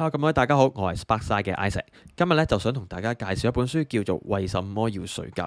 好咁咧，Hello, 各位大家好，我係 Sparkside 嘅 Isaac，今日咧就想同大家介紹一本書，叫做《為什麼要睡覺》。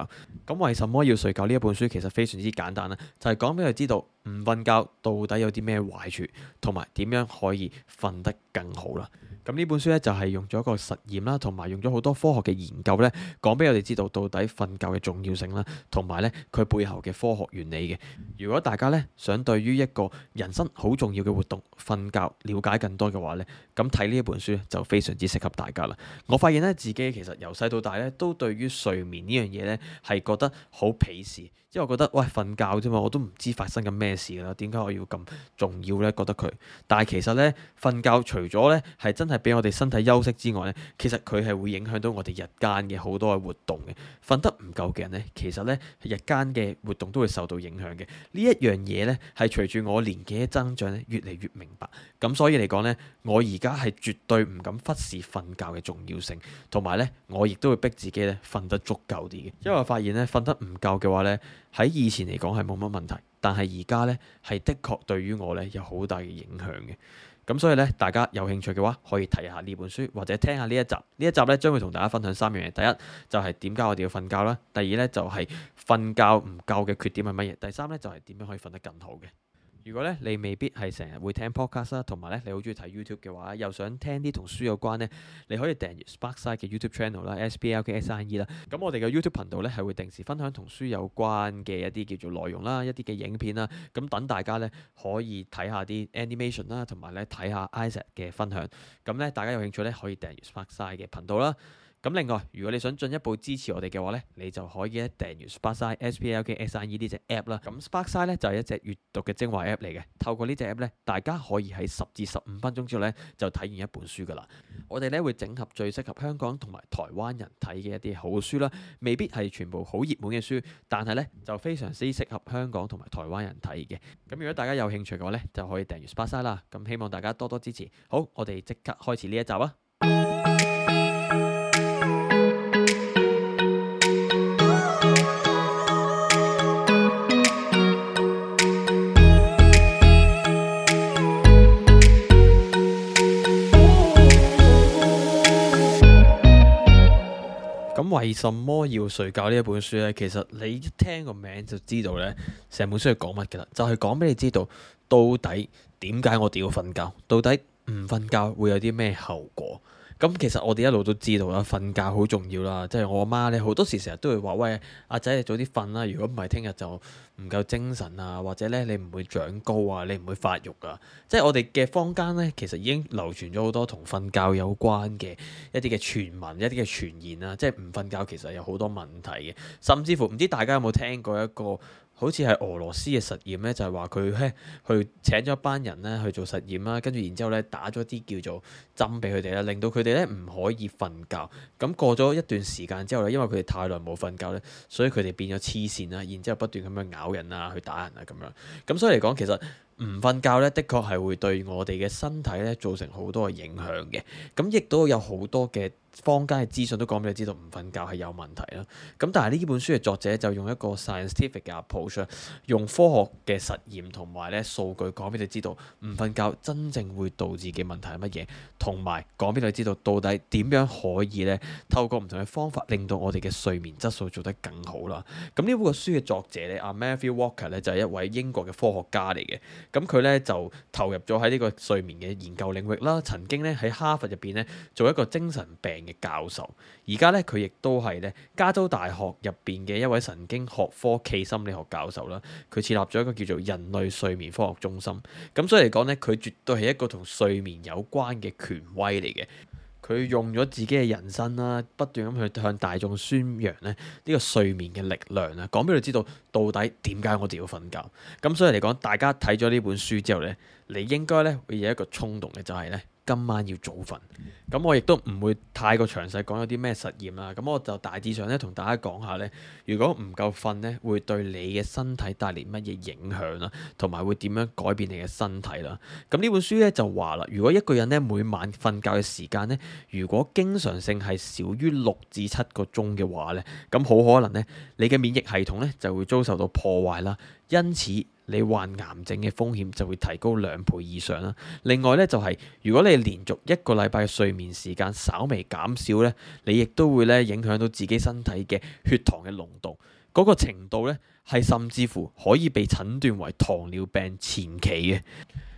咁，為什麼要睡覺呢一本書其實非常之簡單啦，就係講俾佢知道唔瞓覺到底有啲咩壞處，同埋點樣可以瞓得更好啦。咁呢本書咧就係用咗一個實驗啦，同埋用咗好多科學嘅研究咧，講俾我哋知道到底瞓覺嘅重要性啦，同埋咧佢背後嘅科學原理嘅。如果大家咧想對於一個人生好重要嘅活動瞓覺了解更多嘅話咧，咁睇呢一本書就非常之適合大家啦。我發現咧自己其實由細到大咧都對於睡眠呢樣嘢咧係覺得好鄙視，因為我覺得，喂，瞓覺啫嘛，我都唔知發生緊咩事㗎啦，點解我要咁重要咧？覺得佢，但係其實咧瞓覺除咗咧係真係。係俾我哋身體休息之外呢，其實佢係會影響到我哋日間嘅好多嘅活動嘅。瞓得唔夠嘅人呢，其實呢，日間嘅活動都會受到影響嘅。呢一樣嘢呢，係隨住我年紀嘅增長呢，越嚟越明白。咁所以嚟講呢，我而家係絕對唔敢忽視瞓覺嘅重要性，同埋呢，我亦都會逼自己呢瞓得足夠啲嘅。因為我發現呢，瞓得唔夠嘅話呢，喺以前嚟講係冇乜問題，但係而家呢，係的確對於我呢，有好大嘅影響嘅。咁所以呢，大家有興趣嘅話，可以睇下呢本書，或者聽下呢一集。呢一集呢將會同大家分享三樣嘢。第一，就係點解我哋要瞓覺啦；第二呢，就係瞓覺唔夠嘅缺點係乜嘢；第三呢，就係點樣可以瞓得更好嘅。如果咧你未必係成日會聽 podcast 啦，同埋咧你好中意睇 YouTube 嘅話，又想聽啲同書有關呢，你可以訂閱 Sparkside 嘅 YouTube channel 啦 s, s p l k s i e 啦。咁我哋嘅 YouTube 頻道呢，係會定時分享同書有關嘅一啲叫做內容啦，一啲嘅影片啦。咁等大家呢，可以睇下啲 animation 啦，同埋呢睇下 Isaac 嘅分享。咁呢，大家有興趣呢，可以訂閱 Sparkside 嘅頻道啦。咁另外，如果你想進一步支持我哋嘅話呢，你就可以咧訂閱 Sparksine S P L K S I E 呢隻 App 啦。咁 Sparksine 咧就係一隻閱讀嘅精華 App 嚟嘅。透過呢隻 App 呢，大家可以喺十至十五分鐘之後呢就睇完一本書噶啦。我哋呢會整合最適合香港同埋台灣人睇嘅一啲好書啦，未必係全部好熱門嘅書，但係呢就非常之適合香港同埋台灣人睇嘅。咁如果大家有興趣嘅話呢，就可以訂閱 Sparksine 啦。咁希望大家多多支持。好，我哋即刻開始呢一集啊！咁為什麼要睡覺呢？一本書咧，其實你一聽個名就知道咧，成本書係講乜嘅啦，就係講俾你知道到底點解我哋要瞓覺，到底唔瞓覺會有啲咩後果。咁其實我哋一路都知道啦，瞓覺好重要啦。即係我阿媽呢，好多時成日都會話：喂，阿仔你早啲瞓啦，如果唔係聽日就唔夠精神啊，或者呢，你唔會長高啊，你唔會發育啊。即係我哋嘅坊間呢，其實已經流傳咗好多同瞓覺有關嘅一啲嘅傳聞、一啲嘅傳言啦。即係唔瞓覺其實有好多問題嘅，甚至乎唔知大家有冇聽過一個。好似係俄羅斯嘅實驗咧，就係話佢嘿去請咗一班人咧去做實驗啦，跟住然之後咧打咗啲叫做針俾佢哋啦，令到佢哋咧唔可以瞓覺。咁過咗一段時間之後咧，因為佢哋太耐冇瞓覺咧，所以佢哋變咗黐線啦，然之後不斷咁樣咬人啊、去打人啊咁樣。咁所以嚟講，其實。唔瞓覺咧，的確係會對我哋嘅身體咧造成好多嘅影響嘅。咁亦都有好多嘅坊間嘅資訊都講俾你知道唔瞓覺係有問題啦。咁但係呢本書嘅作者就用一個 scientific 嘅 approach 用科學嘅實驗同埋咧數據講俾你知道唔瞓覺真正會導致嘅問題係乜嘢，同埋講俾你知道到底點樣可以咧透過唔同嘅方法令到我哋嘅睡眠質素做得更好啦。咁呢本嘅書嘅作者咧，阿 Matthew Walker 咧就係一位英國嘅科學家嚟嘅。咁佢咧就投入咗喺呢個睡眠嘅研究領域啦，曾經咧喺哈佛入邊咧做一個精神病嘅教授，而家咧佢亦都係咧加州大學入邊嘅一位神經學科暨心理學教授啦，佢設立咗一個叫做人類睡眠科學中心，咁所以嚟講咧，佢絕對係一個同睡眠有關嘅權威嚟嘅。佢用咗自己嘅人生啦，不斷咁去向大眾宣揚咧呢個睡眠嘅力量啦，講俾佢知道到底點解我哋要瞓覺。咁所以嚟講，大家睇咗呢本書之後咧，你應該咧會有一個衝動嘅就係咧。今晚要早瞓，咁我亦都唔會太過詳細講有啲咩實驗啦。咁我就大致上咧同大家講下咧，如果唔夠瞓咧，會對你嘅身體帶嚟乜嘢影響啦，同埋會點樣改變你嘅身體啦。咁呢本書咧就話啦，如果一個人咧每晚瞓覺嘅時間咧，如果經常性係少於六至七個鐘嘅話咧，咁好可能咧，你嘅免疫系統咧就會遭受到破壞啦。因此，你患癌症嘅風險就會提高兩倍以上啦。另外咧，就係、是、如果你連續一個禮拜嘅睡眠時間稍微減少咧，你亦都會咧影響到自己身體嘅血糖嘅濃度，嗰、那個程度咧係甚至乎可以被診斷為糖尿病前期嘅。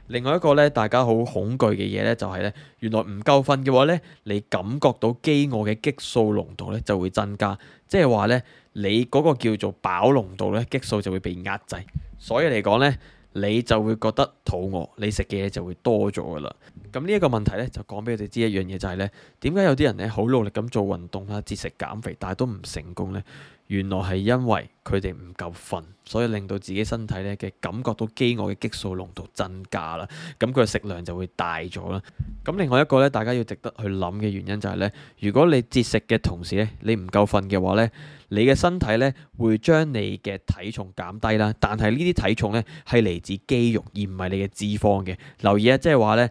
另外一個咧，大家好恐懼嘅嘢咧，就係咧，原來唔夠瞓嘅話咧，你感覺到飢餓嘅激素濃度咧就會增加，即係話咧，你嗰個叫做飽濃度咧，激素就會被壓制，所以嚟講咧，你就會覺得肚餓，你食嘅嘢就會多咗㗎喇。咁呢一個問題咧，就講俾佢哋知一樣嘢，就係咧，點解有啲人咧好努力咁做運動啦、節食減肥，但係都唔成功呢？原來係因為佢哋唔夠瞓，所以令到自己身體咧嘅感覺到飢餓嘅激素濃度增加啦。咁佢嘅食量就會大咗啦。咁另外一個咧，大家要值得去諗嘅原因就係咧，如果你節食嘅同時咧，你唔夠瞓嘅話咧，你嘅身體咧會將你嘅體重減低啦。但係呢啲體重咧係嚟自肌肉而唔係你嘅脂肪嘅。留意啊，即係話咧。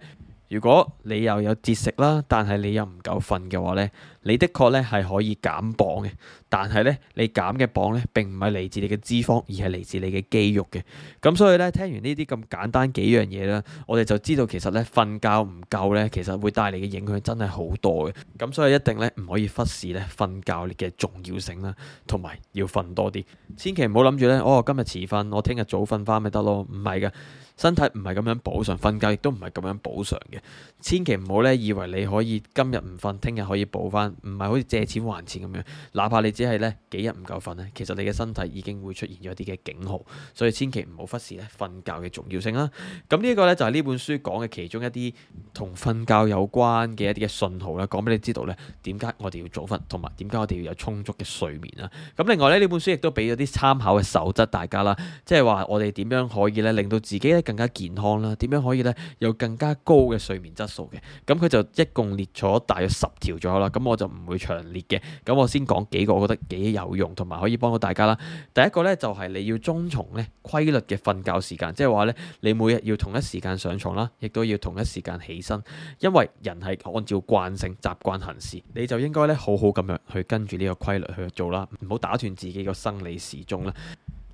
如果你又有節食啦，但係你又唔夠瞓嘅話咧。你的確咧係可以減磅嘅，但係咧你減嘅磅咧並唔係嚟自你嘅脂肪，而係嚟自你嘅肌肉嘅。咁所以咧聽完呢啲咁簡單幾樣嘢啦，我哋就知道其實咧瞓覺唔夠咧，其實會帶嚟嘅影響真係好多嘅。咁所以一定咧唔可以忽視咧瞓覺嘅重要性啦，同埋要瞓多啲。千祈唔好諗住咧，哦，今日遲瞓，我聽日早瞓翻咪得咯。唔係嘅，身體唔係咁樣補償，瞓覺亦都唔係咁樣補償嘅。千祈唔好咧以為你可以今日唔瞓，聽日可以補翻。唔係好似借錢還錢咁樣，哪怕你只係呢幾日唔夠瞓呢，其實你嘅身體已經會出現咗一啲嘅警號，所以千祈唔好忽視呢瞓覺嘅重要性啦。咁呢個呢就係呢本書講嘅其中一啲同瞓覺有關嘅一啲嘅信號啦，講俾你知道呢，點解我哋要早瞓，同埋點解我哋要有充足嘅睡眠啦。咁另外呢呢本書亦都俾咗啲參考嘅守則大家啦，即係話我哋點樣可以呢令到自己呢更加健康啦，點樣可以呢有更加高嘅睡眠質素嘅。咁佢就一共列咗大約十條左右啦，咁我就。唔會強烈嘅，咁我先講幾個我覺得幾有用，同埋可以幫到大家啦。第一個呢，就係、是、你要遵從呢規律嘅瞓覺時間，即係話呢，你每日要同一時間上床啦，亦都要同一時間起身，因為人係按照慣性習慣行事，你就應該呢，好好咁樣去跟住呢個規律去做啦，唔好打斷自己個生理時鐘啦。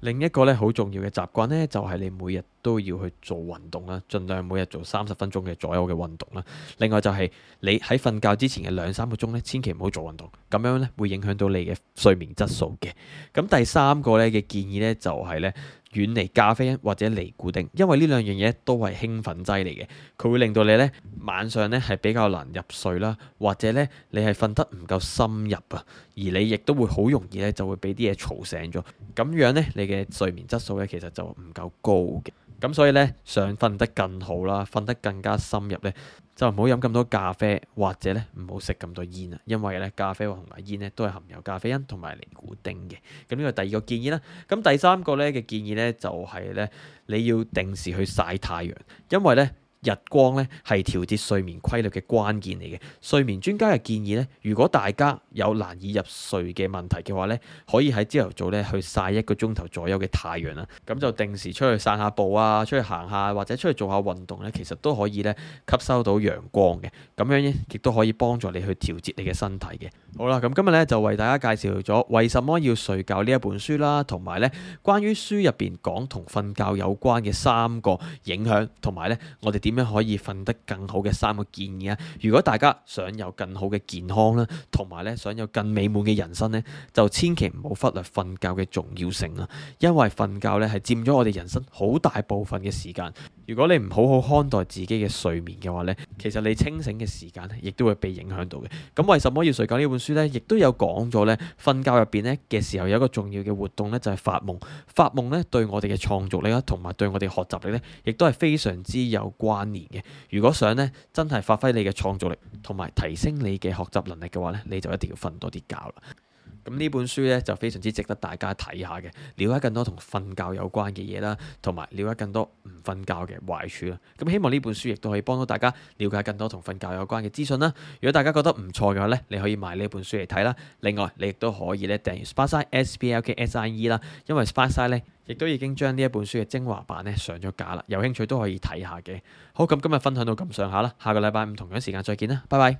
另一個咧好重要嘅習慣咧，就係你每日都要去做運動啦，盡量每日做三十分鐘嘅左右嘅運動啦。另外就係你喺瞓覺之前嘅兩三個鐘咧，千祈唔好做運動，咁樣咧會影響到你嘅睡眠質素嘅。咁第三個咧嘅建議咧，就係，就係咧。遠離咖啡因或者尼古丁，因為呢兩樣嘢都係興奮劑嚟嘅，佢會令到你呢晚上呢係比較難入睡啦，或者呢你係瞓得唔夠深入啊，而你亦都會好容易呢就會俾啲嘢嘈醒咗，咁樣呢，你嘅睡眠質素呢其實就唔夠高嘅。咁所以咧，想瞓得更好啦，瞓得更加深入咧，就唔好飲咁多咖啡，或者咧唔好食咁多煙啊，因為咧咖啡同埋煙咧都係含有咖啡因同埋尼古丁嘅。咁呢個係第二個建議啦。咁第三個咧嘅建議咧就係、是、咧，你要定時去曬太陽，因為咧。日光咧係調節睡眠規律嘅關鍵嚟嘅。睡眠專家嘅建議咧，如果大家有難以入睡嘅問題嘅話咧，可以喺朝頭早咧去曬一個鐘頭左右嘅太陽啦。咁就定時出去散下步啊，出去行下或者出去做下運動咧，其實都可以咧吸收到陽光嘅。咁樣咧亦都可以幫助你去調節你嘅身體嘅。好啦，咁今日咧就為大家介紹咗為什麼要睡覺呢一本書啦，同埋咧關於書入邊講同瞓覺有關嘅三個影響，同埋咧我哋點點樣可以瞓得更好嘅三個建議啊。如果大家想有更好嘅健康啦，同埋咧想有更美滿嘅人生咧，就千祈唔好忽略瞓覺嘅重要性啦。因為瞓覺咧係佔咗我哋人生好大部分嘅時間。如果你唔好好看待自己嘅睡眠嘅話咧，其實你清醒嘅時間咧，亦都會被影響到嘅。咁為什麼要睡覺呢本書呢？亦都有講咗呢。瞓覺入邊咧嘅時候，有一個重要嘅活動呢，就係發夢。發夢呢，對我哋嘅創造力啦，同埋對我哋學習力呢，亦都係非常之有關聯嘅。如果想呢，真係發揮你嘅創造力，同埋提升你嘅學習能力嘅話呢，你就一定要瞓多啲覺啦。咁呢本書咧就非常之值得大家睇下嘅，了解更多同瞓覺有關嘅嘢啦，同埋了解更多唔瞓覺嘅壞處啦。咁、嗯、希望呢本書亦都可以幫到大家了解更多同瞓覺有關嘅資訊啦。如果大家覺得唔錯嘅話咧，你可以買呢本書嚟睇啦。另外你亦都可以咧訂閱 Spire S B SP L K S I E 啦，因為 Spire 咧亦都已經將呢一本書嘅精華版咧上咗架啦，有興趣都可以睇下嘅。好，咁今日分享到咁上下啦，下個禮拜五同樣時間再見啦，拜拜。